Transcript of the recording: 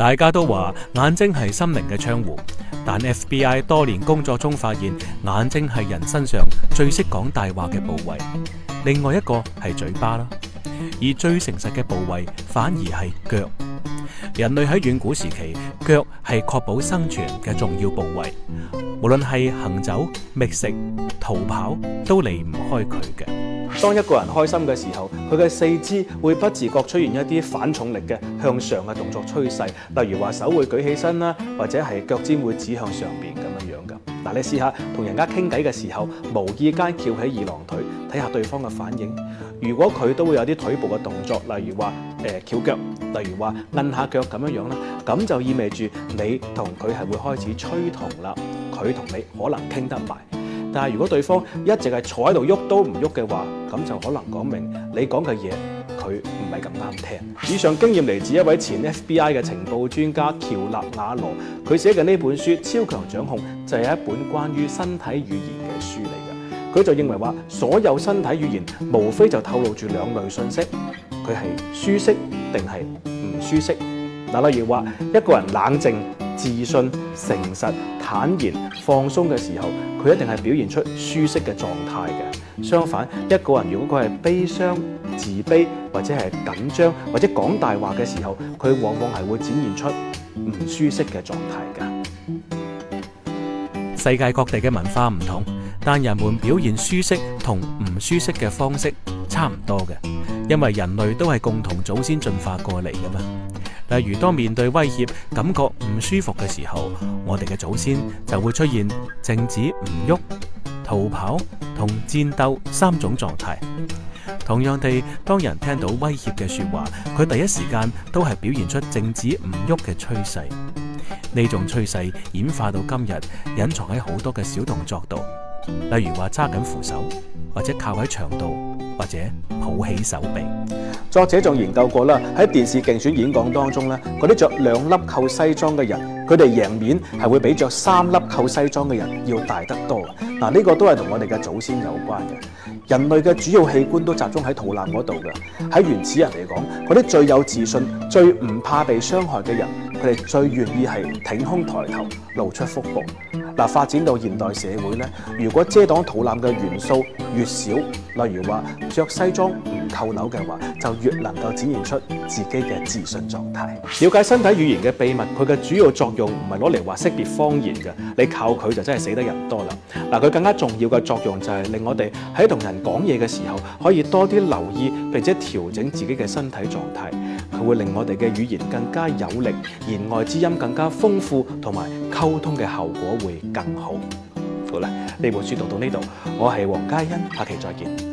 大家都話眼睛係心靈嘅窗戶，但 FBI 多年工作中發現，眼睛係人身上最識講大話嘅部位。另外一個係嘴巴啦，而最誠實嘅部位反而係腳。人類喺遠古時期，腳係確保生存嘅重要部位，無論係行走、覓食、逃跑，都離唔開佢嘅。當一個人開心嘅時候，佢嘅四肢會不自覺出現一啲反重力嘅向上嘅動作趨勢，例如話手會舉起身啦，或者係腳尖會指向上邊咁樣樣噶。嗱，你試下同人家傾偈嘅時候，無意間翹起二郎腿，睇下對方嘅反應。如果佢都會有啲腿部嘅動作，例如話誒翹腳，例如話按下腳咁樣樣啦，咁就意味住你同佢係會開始趨同啦，佢同你可能傾得埋。但係如果對方一直係坐喺度喐都唔喐嘅話，咁就可能講明你講嘅嘢，佢唔係咁啱聽。以上經驗嚟自一位前 FBI 嘅情報專家喬納瓦羅，佢寫嘅呢本書《超強掌控》就係一本關於身體語言嘅書嚟嘅。佢就認為話所有身體語言無非就透露住兩類信息，佢係舒適定係唔舒適。嗱，例如話一個人冷靜、自信、誠實、坦然、放鬆嘅時候，佢一定係表現出舒適嘅狀態嘅。相反，一個人如果佢係悲傷、自卑或者係緊張或者講大話嘅時候，佢往往係會展現出唔舒適嘅狀態嘅。世界各地嘅文化唔同，但人們表現舒適同唔舒適嘅方式差唔多嘅，因為人類都係共同祖先進化過嚟㗎嘛。例如，當面對威脅、感覺唔舒服嘅時候，我哋嘅祖先就會出現靜止唔喐、逃跑同戰鬥三種狀態。同樣地，當人聽到威脅嘅說話，佢第一時間都係表現出靜止唔喐嘅趨勢。呢種趨勢演化到今日，隱藏喺好多嘅小動作度，例如話揸緊扶手，或者靠喺牆度。或者抱起手臂。作者仲研究過啦，喺電視競選演講當中咧，嗰啲着兩粒扣西裝嘅人，佢哋贏面係會比着三粒扣西裝嘅人要大得多。嗱，呢個都係同我哋嘅祖先有關嘅。人類嘅主要器官都集中喺肚腩嗰度嘅。喺原始人嚟講，嗰啲最有自信、最唔怕被傷害嘅人，佢哋最願意係挺胸抬頭露出腹部。嗱，發展到現代社會咧，如果遮擋肚腩嘅元素越少，例如話，着西裝唔扣紐嘅話，就越能夠展現出自己嘅自信狀態。了解身體語言嘅秘密，佢嘅主要作用唔係攞嚟話識別謊言嘅，你靠佢就真係死得人多啦。嗱，佢更加重要嘅作用就係令我哋喺同人講嘢嘅時候，可以多啲留意，並且調整自己嘅身體狀態。佢會令我哋嘅語言更加有力，言外之音更加豐富，同埋溝通嘅效果會更好。好啦，呢本書讀到呢度，我係黃嘉欣，下期再見。